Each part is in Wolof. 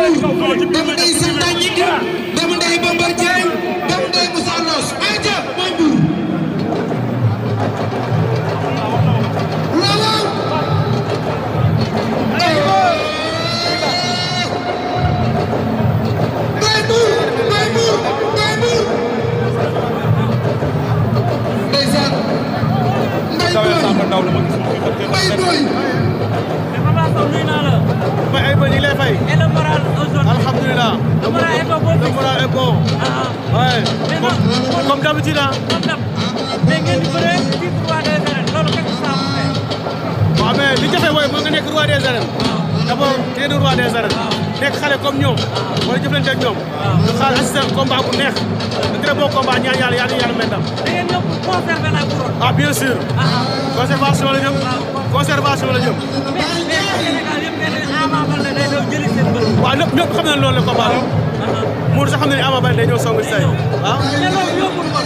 dama day Santa Gningue dama day Bombardier dama day Moussa Loss ayca mooy Mbour. waaw mooy Mbour mooy Mbour mooy Mbour. ndeysaan. Mbaye Boye Mbaye Boye. Eto nuyu naa la. mais ay bëri ñu lay fay. et le moral aujourd'hui. alhamdulilah. le moral est bon. le moral est bon. waaye comme d'habitude ah. comme d'habitude mais ngeen di bëree titre roi des arènes loolu fekk saa mu fekk. waaw mais li jafe mooy mën nga nekk roi des arènes. Ah. d'abord kii di roi des arènes. Ah. nekk xale comme ñoom. Ah. wala jëflante ak ñoom. waaw xaar assisté combat bu neex. le très beau combat ñaan yàlla yàlla yàlla may ndam. da ngeen ñëpp conservé la couronne. ah bien sûr. conservation la ñëpp. conservation la jëm. mais mais Sénégal yëpp nee nañ Ama Baldé day daw jëli seen bët. waaw ñëpp ñëpp xam nañ loolu la combat bi. Mour sax xam nañ Ama Baldé day ñëw songu say. waaw te loolu yombul ko.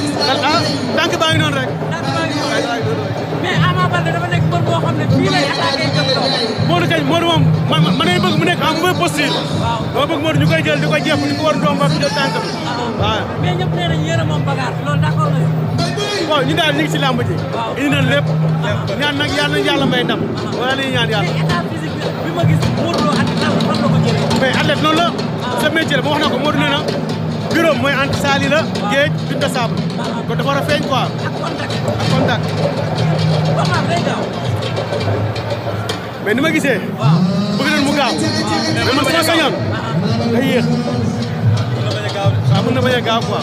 ah tànk baa ngi noonu rek. tànk baa ngi noonu rek mais Ama Baldé dafa nekk mbër boo xam ne fii lay attaqué jëm kaw. Modou kay Modou moom man man day bëgg mu nekk en mauvaise posture. waaw dama bëgg Modou ñu koy jël di ko jéem di ko war a doom ba fi jël tànk bi. Ah. waaw mais ñëpp nee nañ yéen a moom bagaar loolu d'accord na waaw ñu daal ñu ngi si làmb ji. waaw indi lépp. ñaan nag yàlla nañu yàlla may ndam. wala ñaan yàlla. état physique ma gis Modou Lo ma ah. wax na ko Modou nee na. bureau mooy entre saali la. Ah. géej duñ ko saabu. kon dafa a feeñ quoi. ak ni ma gisee. waaw mu gaaw. Ah, mais na bañ a gaaw waaw na bañ gaaw quoi.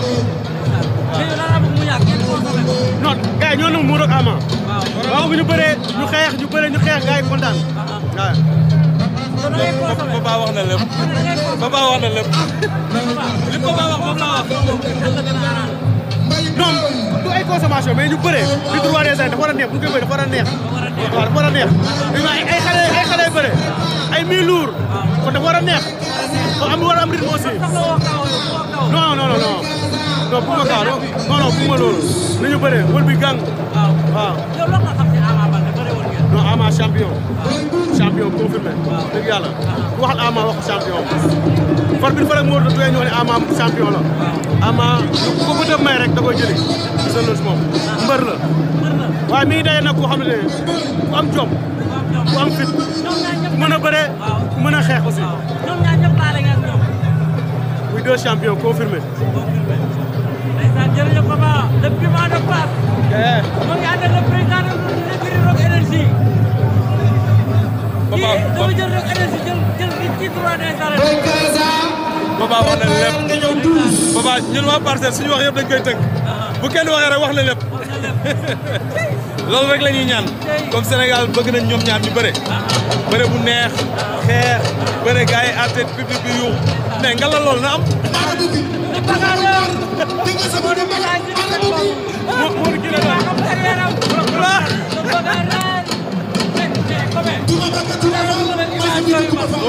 non gars yi ñoo nangu Modou ak Ama. ñu bëree ñu xeex ñu bëree ñu xeex gars yi kontaan. waaw. Papa wax wax na lépp. li Papa wax moom laa non du ay consommation mais ñu bëree. li trois des dafa war a neex bu ñu koy bëree dafa war a neex. waaw dafa war a bëree ay mille lourds. kon dafa war a neex. kon am war a am rythme aussi. non non non bu ma kaaroo non non bu ma loolu ni ñu bëree wër bi gang. waaw waaw. yow lan nga xam ne Ama Baldé bëree woon ngeen. non Ama champion. champion confirmé. waaw dëgg yàlla. waxal Ama wax champion. far bi faral moo doon doy ñoo ne Ama champion la. Ama ku ko bëgg a may rek da koy jëli. gis nañu si moom mbër la. mbër la waaye mi ngi daje nag koo xam ne ku am jom. ku am fit mën a bëree. mën a xeex aussi. ñoom ñaar ñëpp baale nga ak ñoom. muy deux champions confirmé. ndeysaan jërëjëf papa le piment de Pape. waa parcelle suñu wax yëpp dañ koy tënk. Ah. bu kenn waxee rek wax na lépp. rek la ñuy ñaan comme Sénégal bëgg nañ ñoom ñaar ñu bëre. Ah. bëre bu neex ah. xeex bëre gars yi àtte bi yuux mais nga la loolu na am. arabu bi.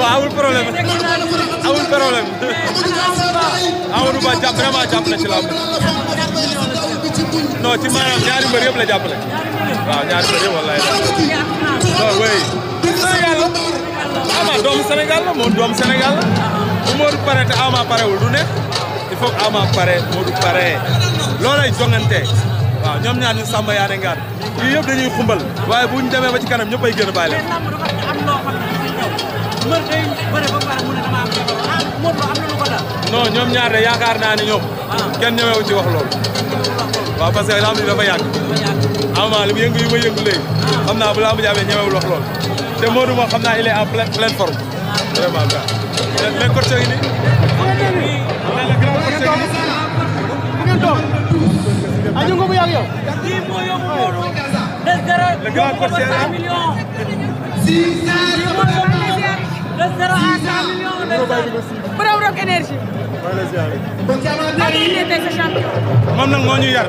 waaw amul problème amul problème Amadou Ba jàpp vraiment jàpp na ci làmb non ci maanaam ñaari mbër yëpp la jàppale waaw ñaari mbër yëpp wallaay non oui. Sénégal la Ama doomu Sénégal la moom doomu Sénégal la. bu Modou pare te Ama parewul du ne il faut que Ama pare Modou pare loolay jongante waaw ñoom ñaar ñu sàmba yaane ngaat yii yëpp dañuy xumbal waaye bu ñu demee ba ci kanam ñëpp ay gën a bàyyi leen ah, ñoom ñaar de yaakaar naa ni ñoom ah. kenn ñëwewu ci wax loolu waaw parce que lamb ji dafa yàgg Ama li mu yëngu yi ma yëngu ah. xam naa bu lamb ji amee ñëwewul wax loolu te Modou moom xam naa il est en pleine forme mais coach yi nii. aju nga bu yàgg yow. kii moo yóbbu Modou. des dara yóbbu ko ba 100 millions. six cent yóbbu ko ba 100 millions. des dara à 100 millions. Bravo Rock Énergie. moom nag moo ñu yar.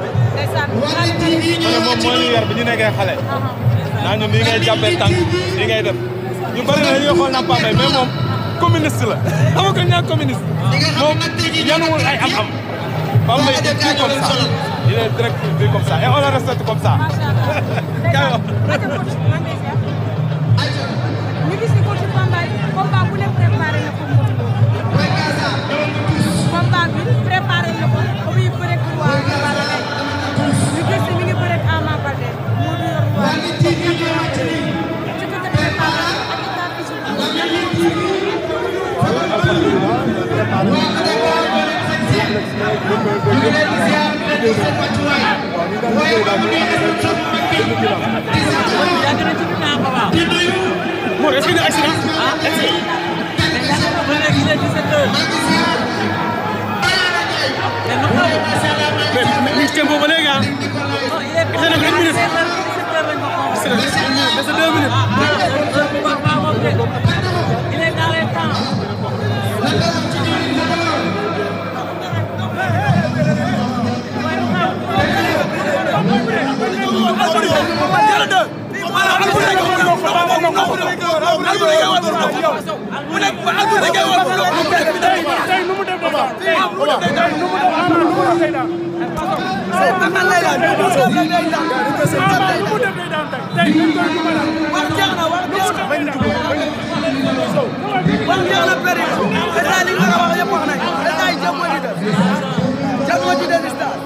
moom moo ñu yar bi ñu nekkee xale. naa ñu nii ngay jàppee tànk nii ngay def ñu bari na dañuy xool Nampa Mbaye mais moom. communiste la xam nga ñaar communiste. moom yanuwul ay am-am. Pape Mbaye il est comme ça il est direct comme ça et on le respecte comme ça. Il est dans les temps. Jangan jadi star.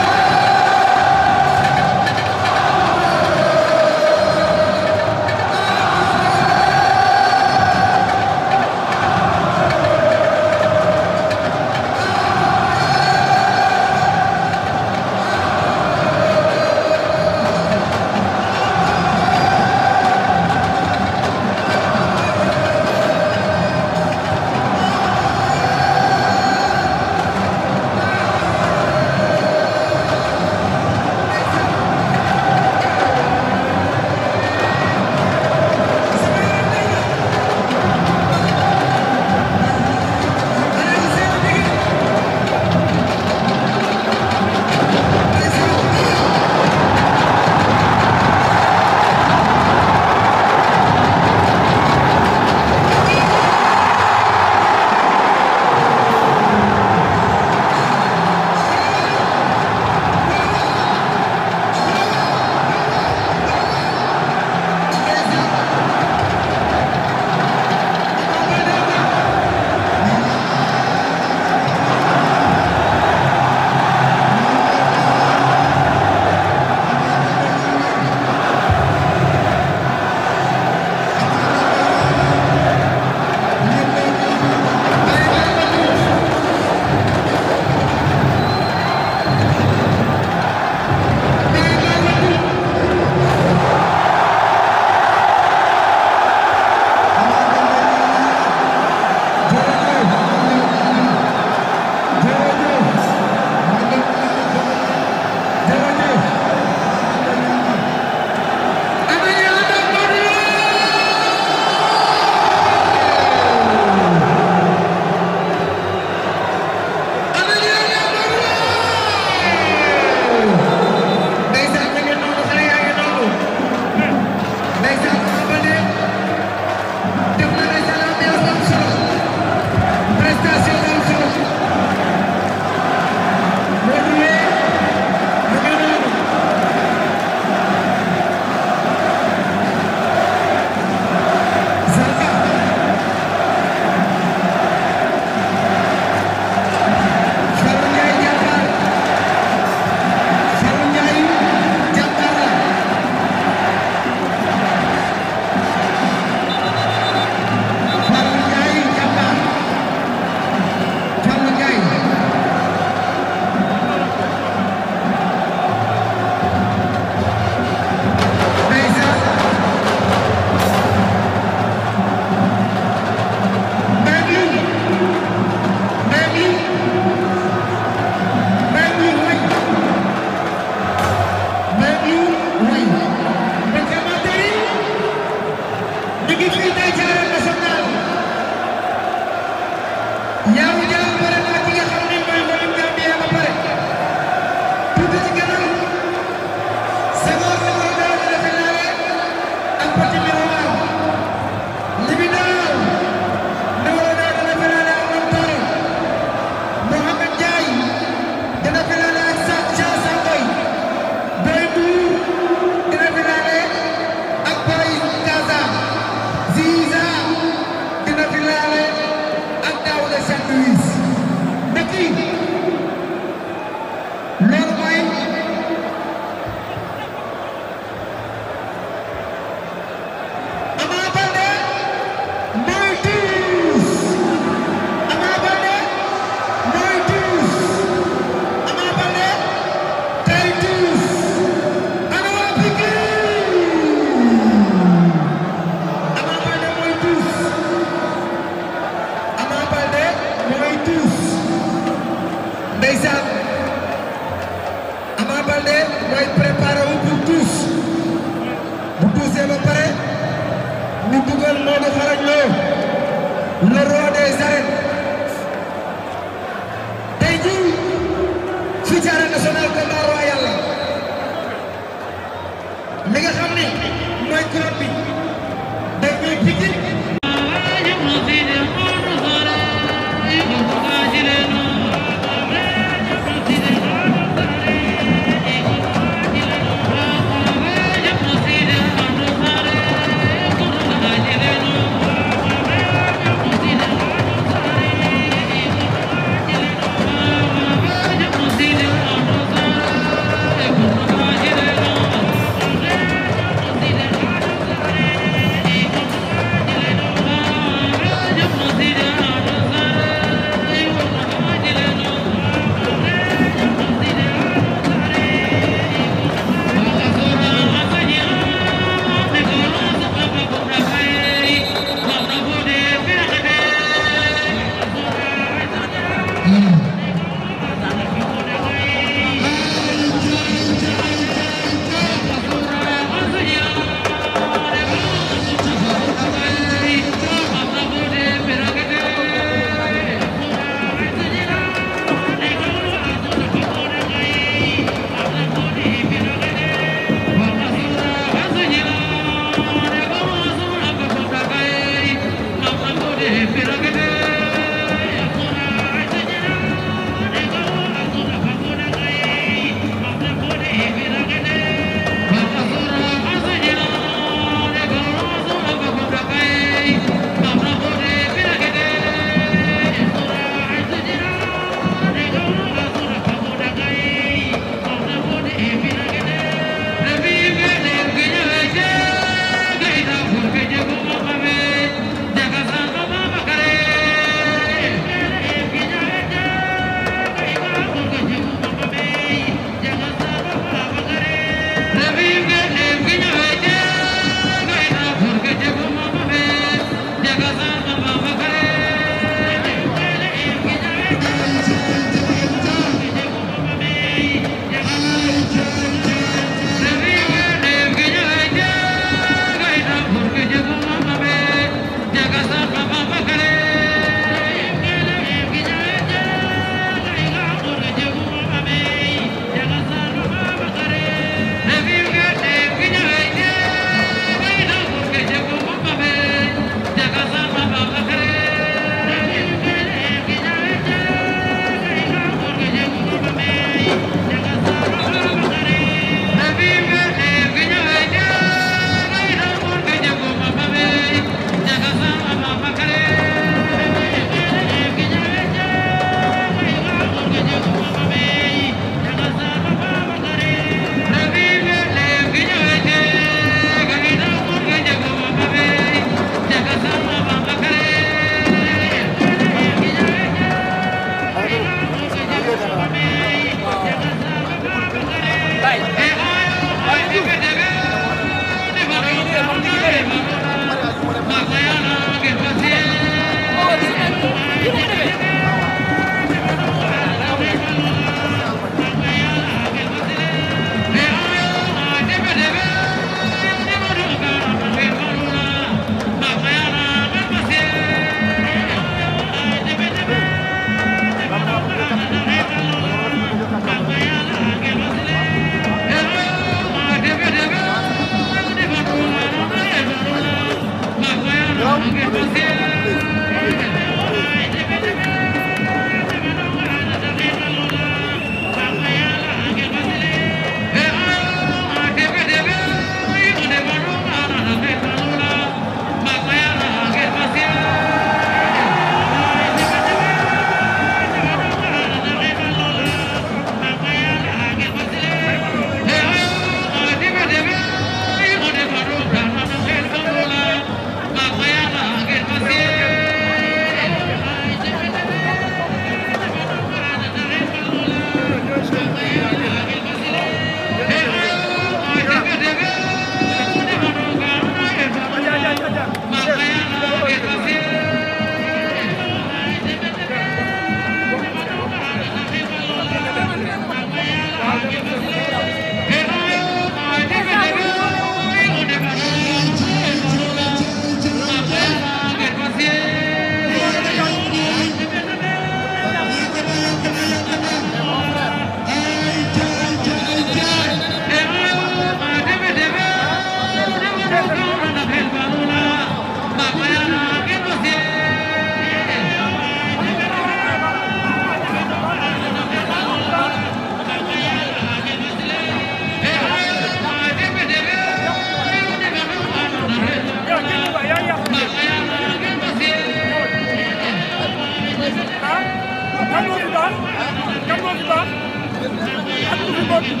vote.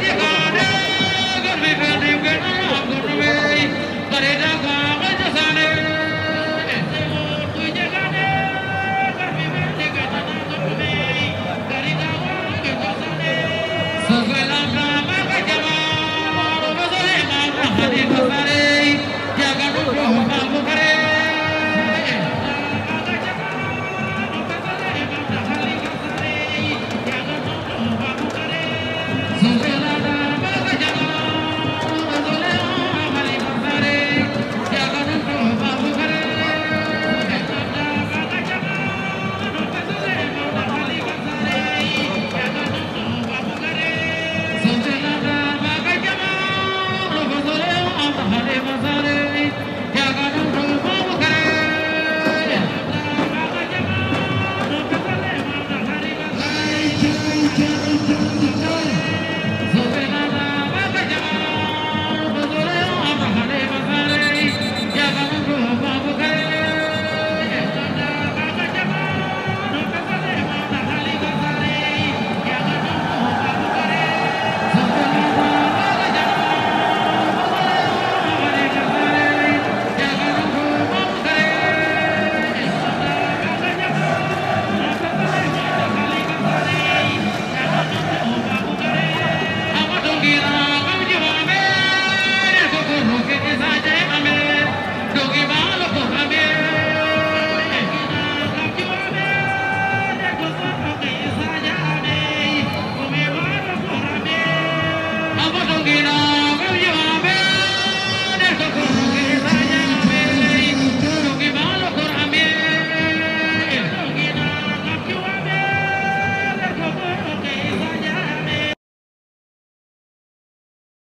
Thank